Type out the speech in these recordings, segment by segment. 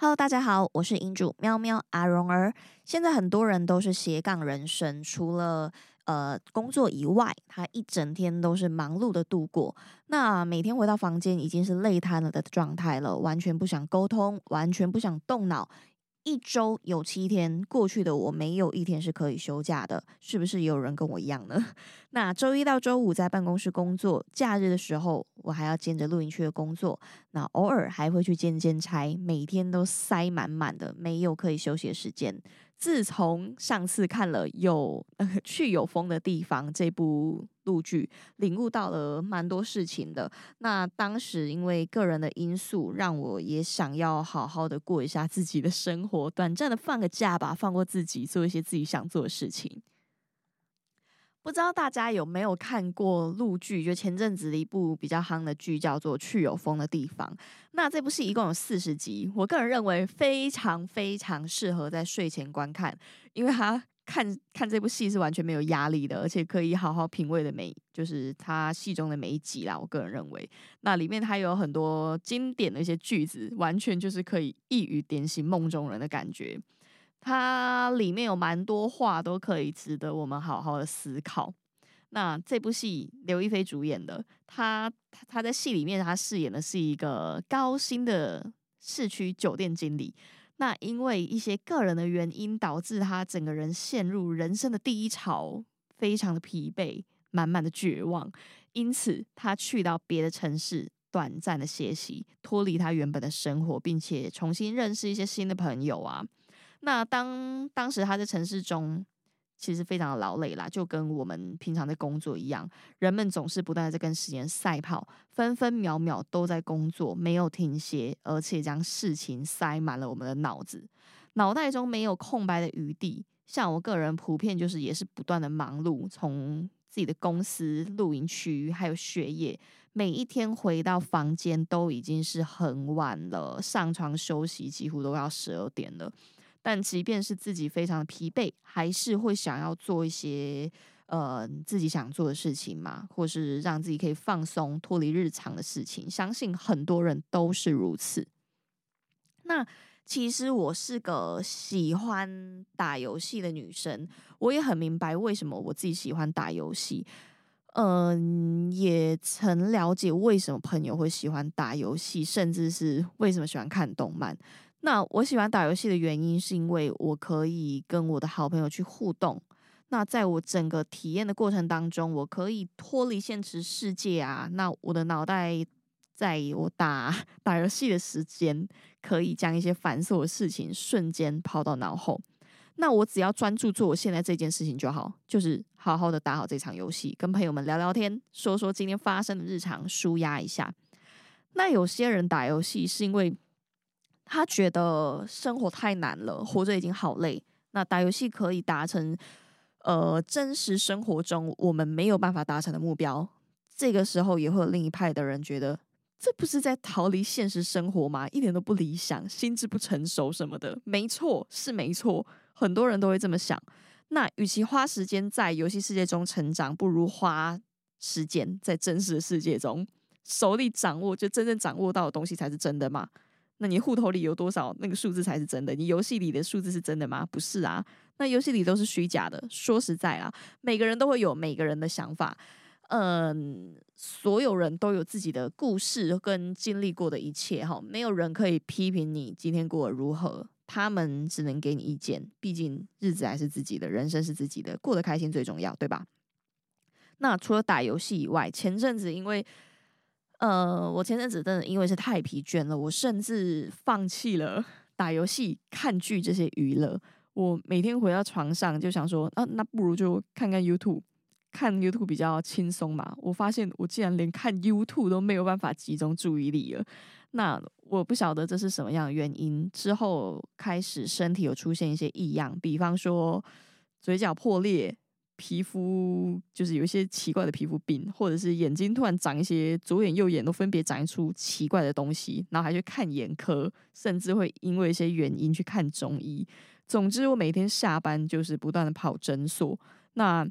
Hello，大家好，我是營主喵喵阿蓉兒。現在很多人都是斜槓人生，除了呃工作以外，他一整天都是忙碌的度過。那每天回到房間已經是累癱了的狀態了，完全不想溝通，完全不想動腦。一週有七天，過去的我沒有一天是可以休假的，是不是也有人跟我一樣呢？那週一到週五在辦公室工作，假日的時候我還要兼着露營區的工作，那偶爾還會去兼兼差，每天都塞滿滿的，沒有可以休息的時間。自從上次看了有《有、呃、去有風的地方》這部陸劇，領悟到了蠻多事情的。那當時因為個人的因素，讓我也想要好好的過一下自己的生活，短暫的放個假吧，放過自己，做一些自己想做的事情。不知道大家有沒有看過陸劇？就前陣子的一部比較夯的劇，叫做《去有風的地方》。那這部戲一共有四十集，我個人認為非常非常適合在睡前觀看，因為他看看這部戲是完全沒有壓力的，而且可以好好品味的每，就是他戲中的每一集啦。我個人認為，那裡面它有很多經典的一些句子，完全就是可以一語點醒夢中人的感覺。他裡面有蠻多話，都可以值得我們好好的思考。那這部戲劉亦菲主演的，她她在戲裡面她飾演的是一個高薪的市區酒店經理。那因為一些個人的原因，導致她整個人陷入人生的第一潮，非常的疲憊，滿滿的絕望。因此，她去到別的城市短暫的歇息，脫離她原本的生活，並且重新認識一些新的朋友啊。那當當時他在城市中，其實非常的勞累啦，就跟我們平常在工作一樣。人們總是不斷的在跟時間賽跑，分分秒秒都在工作，沒有停歇，而且將事情塞滿了我們的腦子，腦袋中沒有空白的餘地。像我個人普遍就是也是不斷的忙碌，從自己的公司、露營區還有學業，每一天回到房間都已經是很晚了，上床休息幾乎都要十二點了。但即便是自己非常的疲憊，還是會想要做一些呃自己想做的事情嘛，或是讓自己可以放鬆、脫離日常的事情。相信很多人都是如此。那其實我是個喜歡打遊戲的女生，我也很明白為什麼我自己喜歡打遊戲。嗯、呃，也曾了解為什麼朋友會喜歡打遊戲，甚至是為什麼喜歡看動漫。那我喜歡打遊戲的原因，是因為我可以跟我的好朋友去互動。那在我整個體驗的過程當中，我可以脫離現實世界啊。那我的腦袋在我打打遊戲的時間，可以將一些繁瑣的事情瞬間拋到腦後。那我只要專注做我現在這件事情就好，就是好好的打好這場遊戲，跟朋友們聊聊天，說說今天發生的日常，舒壓一下。那有些人打遊戲是因為，他覺得生活太難了，活着已經好累。那打遊戲可以達成，呃，真實生活中我們沒有辦法達成的目標。這個時候也會有另一派的人覺得，這不是在逃離現實生活嗎？一點都不理想，心智不成熟什麼的。沒錯，是沒錯，很多人都會這麼想。那與其花時間在遊戲世界中成長，不如花時間在真實的世界中，手裡掌握就真正掌握到的東西才是真的嘛。那你戶頭裡有多少？那個數字才是真的。你遊戲裡的數字是真的嗎？不是啊，那遊戲裡都是虛假的。說實在啊，每個人都會有每個人的想法，嗯，所有人都有自己的故事跟經歷過的一切哈。沒有人可以批評你今天過得如何，他們只能給你意見。畢竟日子還是自己的，人生是自己的，過得開心最重要，對吧？那除了打遊戲以外，前陣子因為。呃，我前陣子真的因為是太疲倦了，我甚至放棄了打遊戲、看劇這些娛樂。我每天回到床上就想說啊，那不如就看看 YouTube，看 YouTube 比較輕鬆嘛。我發現我竟然連看 YouTube 都沒有辦法集中注意力了，那我不曉得這是什麼樣的原因。之後開始身體有出現一些異樣，比方說嘴角破裂。皮膚就是有一些奇怪的皮膚病，或者是眼睛突然長一些，左眼右眼都分別長出奇怪的東西，然後還去看眼科，甚至會因為一些原因去看中醫。總之，我每天下班就是不斷的跑診所。那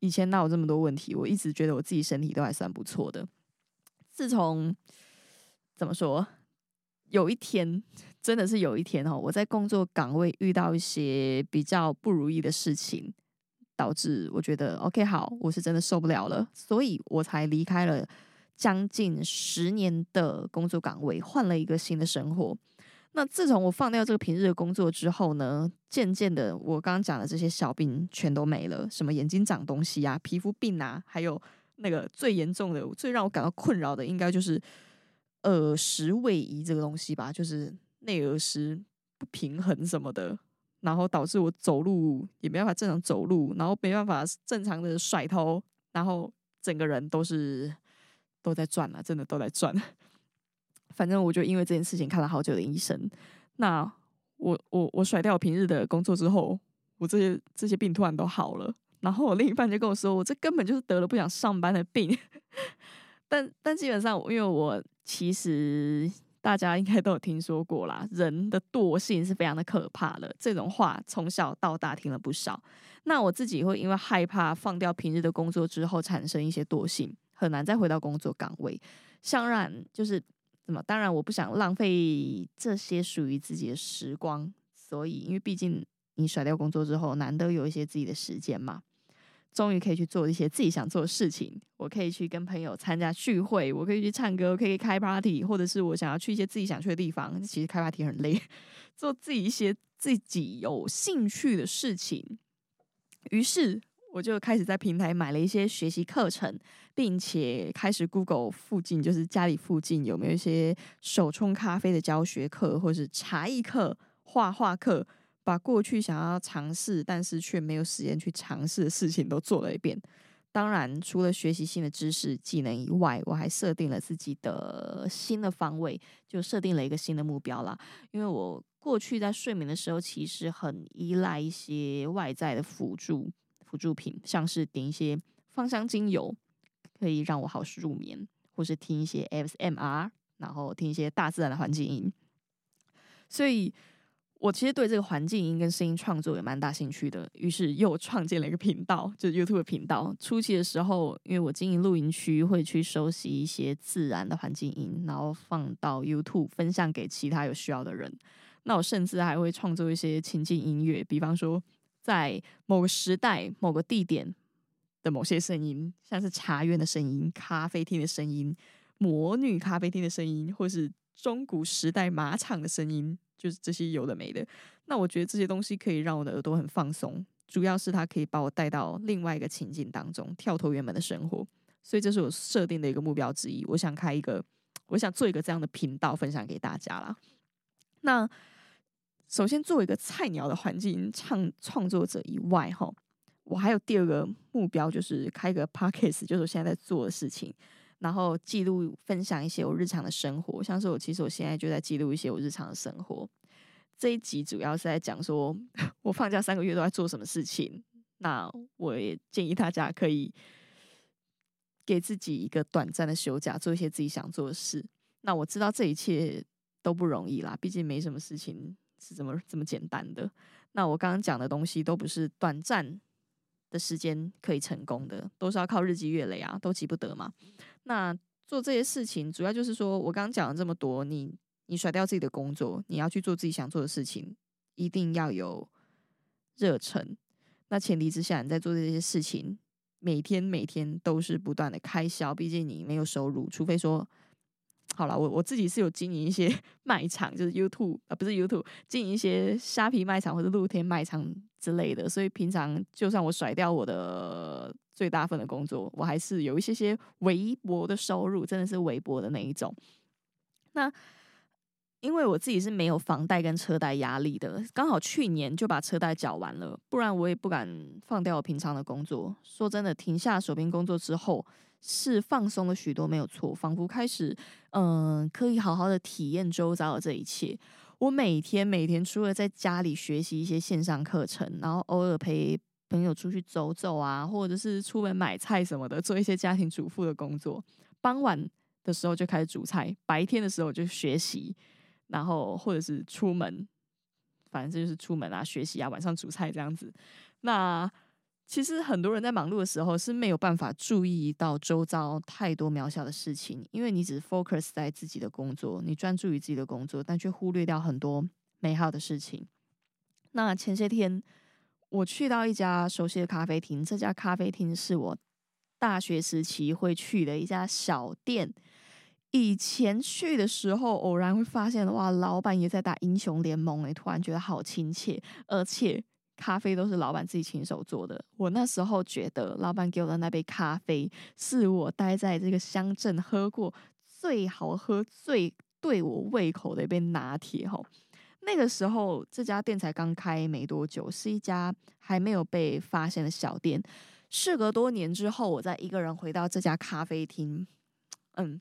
以前哪有這麼多問題，我一直覺得我自己身體都還算不錯的。自從怎麼說，有一天真的是有一天哦，我在工作崗位遇到一些比較不如意的事情。導致我覺得 OK 好，我是真的受不了了，所以我才離開了將近十年的工作崗位，換了一個新的生活。那自從我放掉這個平日的工作之後呢，漸漸的，我剛剛講的這些小病全都沒了，什麼眼睛長東西啊、皮膚病啊，還有那個最嚴重的、最讓我感到困擾的，應該就是耳石位移這個東西吧，就是內耳石不平衡什麼的。然後導致我走路也沒辦法正常走路，然後沒辦法正常的甩頭，然後整個人都是都在轉了啊，真的都在轉。反正我就因為這件事情看了好久的醫生。那我我我甩掉我平日的工作之後，我這些這些病突然都好了。然後我另一半就跟我說，我這根本就是得了不想上班的病。但但基本上，因為我其實。大家應該都有聽說過啦，人的惰性是非常的可怕的。這種話從小到大聽了不少。那我自己會因為害怕放掉平日的工作之後產生一些惰性，很難再回到工作崗位。相然，就是怎麼？當然，我不想浪費這些屬於自己的時光。所以，因為畢竟你甩掉工作之後，難得有一些自己的時間嘛。終於可以去做一些自己想做的事情。我可以去跟朋友參加聚會，我可以去唱歌，我可以開 party，或者是我想要去一些自己想去的地方。其實開 party 很累，做自己一些自己有興趣的事情。於是我就開始在平台買了一些學習課程，並且開始 Google 附近，就是家裡附近有沒有一些手沖咖啡的教學課，或是茶藝課、畫畫課。把過去想要嘗試，但是卻沒有時間去嘗試的事情都做了一遍。當然，除了學習新的知識技能以外，我還設定了自己的新的方位，就設定了一個新的目標啦。因為我過去在睡眠的時候，其實很依賴一些外在的輔助輔助品，像是點一些芳香精油，可以讓我好入眠，或是聽一些 FMR，然後聽一些大自然的環境音。所以。我其實對這個環境音跟聲音創作也蠻大興趣的，於是又創建了一個頻道，就是 YouTube 頻道。初期的時候，因為我經營露營區，會去收集一些自然的環境音，然後放到 YouTube 分享給其他有需要的人。那我甚至還會創作一些情境音樂，比方說在某個時代、某個地點的某些聲音，像是茶園的聲音、咖啡廳的聲音、魔女咖啡廳的聲音，或是中古時代馬場的聲音。就是這些有的沒的，那我覺得這些東西可以讓我的耳朵很放鬆，主要是它可以把我帶到另外一個情境當中，跳脫原本的生活，所以這是我設定的一個目標之一。我想開一個，我想做一個這樣的頻道分享給大家啦。那首先作為一個菜鳥的環境唱創作者以外，哈，我還有第二個目標，就是開一個 podcast，就是我現在在做的事情。然後記錄分享一些我日常的生活，像是我其實我現在就在記錄一些我日常的生活。這一集主要是在講說，我放假三個月都在做什麼事情。那我也建議大家可以給自己一個短暫的休假，做一些自己想做的事。那我知道這一切都不容易啦，畢竟沒什麼事情是這麼這麼簡單的。那我剛剛講的東西都不是短暫的時間可以成功的，都是要靠日積月累啊，都急不得嘛。那做這些事情，主要就是說我剛剛講了這麼多，你你甩掉自己的工作，你要去做自己想做的事情，一定要有熱忱。那前提之下，你在做這些事情，每天每天都是不斷的開銷，畢竟你沒有收入。除非說，好了，我我自己是有經營一些 賣場，就是 YouTube 啊，不是 YouTube，經營一些蝦皮賣場或者露天賣場之類的，所以平常就算我甩掉我的。最大份的工作，我還是有一些些微薄的收入，真的是微薄的那一種。那因為我自己是沒有房貸跟車貸壓力的，剛好去年就把車貸繳完了，不然我也不敢放掉我平常的工作。說真的，停下手邊工作之後，是放鬆了許多，沒有錯，仿佛開始嗯、呃、可以好好的體驗周遭的這一切。我每天每天除了在家裡學習一些線上課程，然後偶爾陪。朋友出去走走啊，或者是出門買菜什麼的，做一些家庭主婦的工作。傍晚的時候就開始煮菜，白天的時候就學習，然後或者是出門，反正就是出門啊、學習啊，晚上煮菜這樣子。那其實很多人在忙碌的時候是沒有辦法注意到周遭太多渺小的事情，因為你只是 focus 在自己的工作，你專注於自己的工作，但卻忽略掉很多美好的事情。那前些天。我去到一家熟悉的咖啡廳，這家咖啡廳是我大學時期會去的一家小店。以前去的時候，偶然會發現，哇，老板也在打英雄聯盟欸，突然覺得好親切。而且咖啡都是老板自己親手做的。我那時候覺得，老板給我的那杯咖啡，是我待在這個鄉鎮喝過最好喝、最對我胃口的一杯拿鐵。吼！那個時候，這家店才剛開沒多久，是一家還沒有被發現的小店。事隔多年之後，我再一個人回到這家咖啡廳，嗯，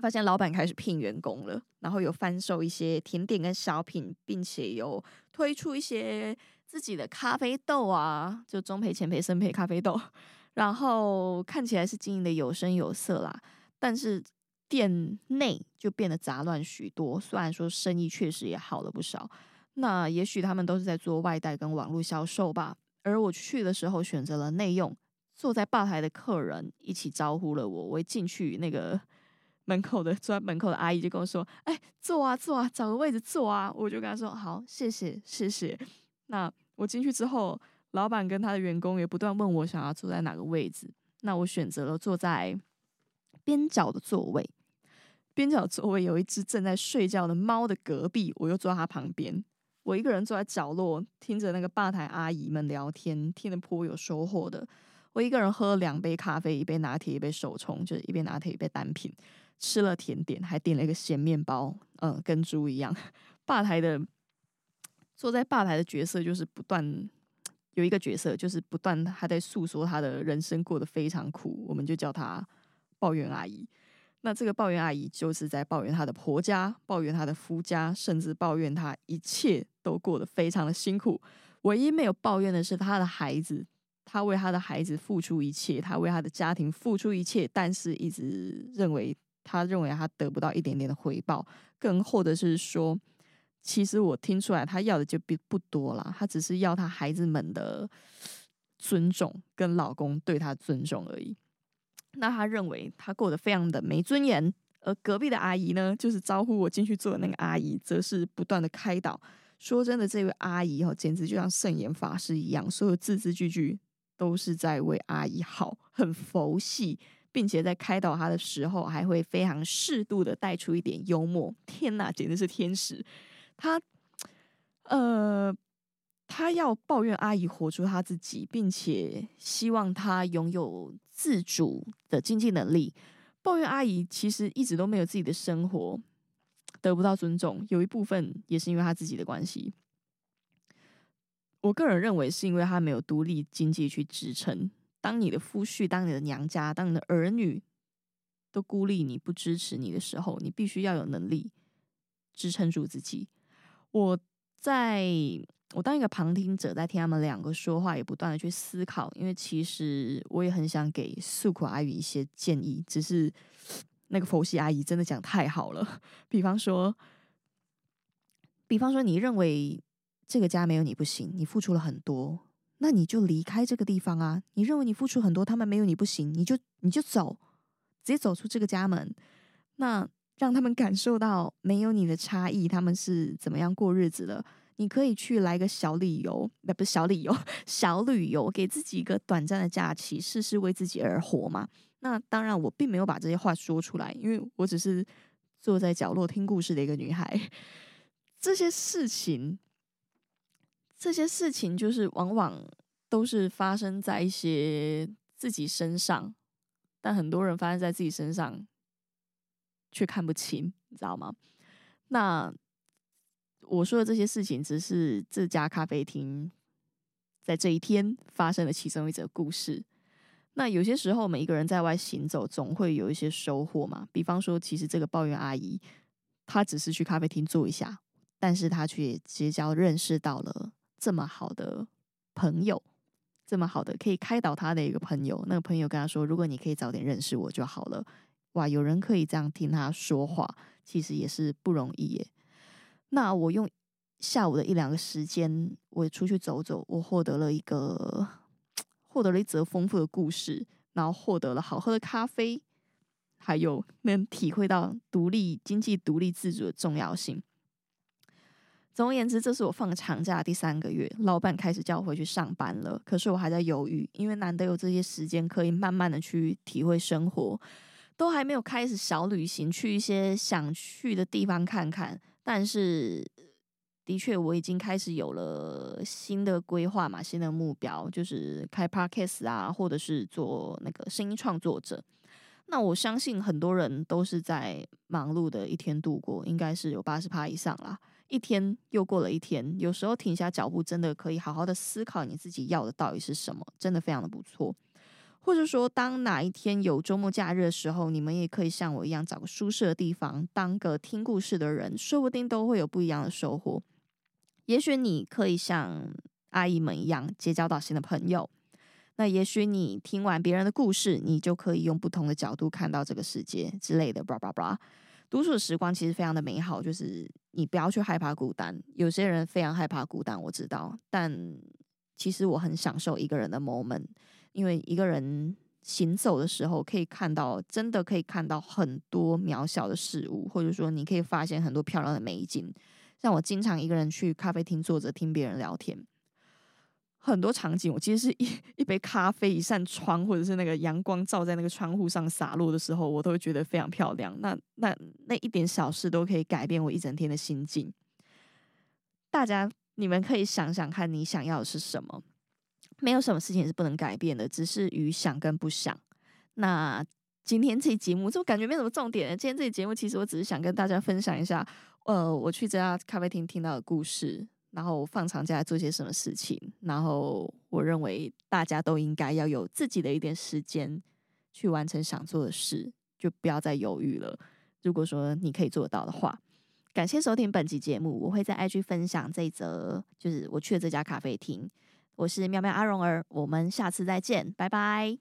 發現老板開始聘員工了，然後有販售一些甜點跟小品，並且有推出一些自己的咖啡豆啊，就中焙、淺焙、深焙咖啡豆，然後看起來是經營的有聲有色啦，但是。店內就變得雜亂許多，雖然說生意確實也好了不少。那也許他們都是在做外帶跟網絡銷售吧。而我去的時候選擇了內用，坐在吧台的客人一起招呼了我。我一進去，那個門口的坐在門口的阿姨就跟我說：“哎、欸，坐啊坐啊，找個位置坐啊。”我就跟他說：“好，謝謝謝謝。是是”那我進去之後，老板跟他的員工也不斷問我想要坐在哪個位置。那我選擇了坐在邊角的座位。邊角座位有一隻正在睡覺的貓的隔壁，我又坐在它旁邊。我一個人坐在角落，聽着那個吧台阿姨們聊天，聽得頗有收穫的。我一個人喝了兩杯咖啡，一杯拿鐵，一杯手沖，就是一杯拿鐵，一杯單品。吃了甜點，還點了一個鹹麵包，嗯，跟豬一樣。吧台的坐在吧台的角色，就是不斷有一個角色，就是不斷還在訴說他的人生過得非常苦，我們就叫他抱怨阿姨。那這個抱怨阿姨就是在抱怨她的婆家，抱怨她的夫家，甚至抱怨她一切都過得非常的辛苦。唯一沒有抱怨的是她的孩子，她為她的孩子付出一切，她為她的家庭付出一切，但是一直認為，她認為她得不到一點點的回報。更或者是說，其實我聽出來，她要的就並不多了，她只是要她孩子們的尊重跟老公對她尊重而已。那他認為他過得非常的沒尊嚴，而隔壁的阿姨呢，就是招呼我進去坐的那個阿姨，則是不斷的開導。說真的，這位阿姨哈、哦，簡直就像聖嚴法師一樣，所有字字句句都是在為阿姨好，很佛系，並且在開導他的時候，還會非常適度的帶出一點幽默。天吶、啊，簡直是天使！他，呃，他要抱怨阿姨活出他自己，並且希望他擁有。自主的經濟能力，抱怨阿姨其實一直都沒有自己的生活，得不到尊重。有一部分也是因為她自己的關係，我個人認為是因為她沒有獨立經濟去支撐。當你的夫婿、當你的娘家、當你的兒女都孤立你、不支持你的時候，你必須要有能力支撐住自己。我在。我當一個旁聽者，在聽他們兩個說話，也不斷的去思考，因為其實我也很想給訴苦阿姨一些建議，只是那個佛系阿姨真的講太好了。比方說，比方說，你認為這個家沒有你不行，你付出了很多，那你就離開這個地方啊！你認為你付出很多，他們沒有你不行，你就你就走，直接走出這個家門，那讓他們感受到沒有你的差異，他們是怎麼樣過日子的。你可以去來個小理由，那不是小理由。小旅遊，小旅遊，給自己一個短暫的假期，試試為自己而活嘛。那當然，我並沒有把這些話說出來，因為我只是坐在角落聽故事的一個女孩。這些事情，這些事情就是往往都是發生在一些自己身上，但很多人發生在自己身上，卻看不清，你知道嗎？那。我說的這些事情，只是這家咖啡廳在這一天發生的其中一則故事。那有些時候，每一個人在外行走，總會有一些收穫嘛。比方說，其實這個抱怨阿姨，她只是去咖啡廳坐一下，但是她卻結交認識到了這麼好的朋友，這麼好的可以開導她的一個朋友。那個朋友跟她說：“如果你可以早點認識我就好了。”哇，有人可以這樣聽她說話，其實也是不容易耶。那我用下午的一兩個時間，我出去走走，我獲得了一個，獲得了一則豐富的故事，然後獲得了好喝的咖啡，還有能體會到獨立經濟獨立自主的重要性。總而言之，這是我放長假第三個月，老闆開始叫我回去上班了，可是我還在猶豫，因為難得有這些時間可以慢慢的去體會生活，都還沒有開始小旅行，去一些想去的地方看看。但是，的確，我已經開始有了新的規劃嘛，新的目標，就是開 podcast 啊，或者是做那個聲音創作者。那我相信很多人都是在忙碌的一天度過，應該是有八十趴以上啦。一天又過了一天，有時候停下腳步，真的可以好好的思考你自己要的到底是什麼，真的非常的不錯。或者說，當哪一天有週末假日的時候，你們也可以像我一樣找個舒適的地方，當個聽故事的人，說不定都會有不一樣的收穫。也許你可以像阿姨們一樣結交到新的朋友。那也許你聽完別人的故事，你就可以用不同的角度看到這個世界之類的。叭叭叭，獨處的時光其實非常的美好，就是你不要去害怕孤單。有些人非常害怕孤單，我知道，但其實我很享受一個人的 moment。因為一個人行走的時候，可以看到，真的可以看到很多渺小的事物，或者說你可以發現很多漂亮的美景。像我經常一個人去咖啡廳坐着聽別人聊天，很多場景，我其實是一一杯咖啡、一扇窗，或者是那個陽光照在那個窗戶上灑落的時候，我都會覺得非常漂亮。那那那一點小事都可以改變我一整天的心境。大家，你們可以想想看你想要的是什麼？沒有什麼事情是不能改變的，只是與想跟不想。那今天這節目，就感覺沒什麼重點。今天這節目其實我只是想跟大家分享一下，呃，我去這家咖啡廳聽到的故事，然後放長假做些什麼事情，然後我認為大家都應該要有自己的一點時間去完成想做的事，就不要再猶豫了，如果說你可以做到的話。感謝收聽本期節目，我會在 IG 分享這一則，就是我去了這家咖啡廳。我是喵喵阿蓉兒，我們下次再見，拜拜。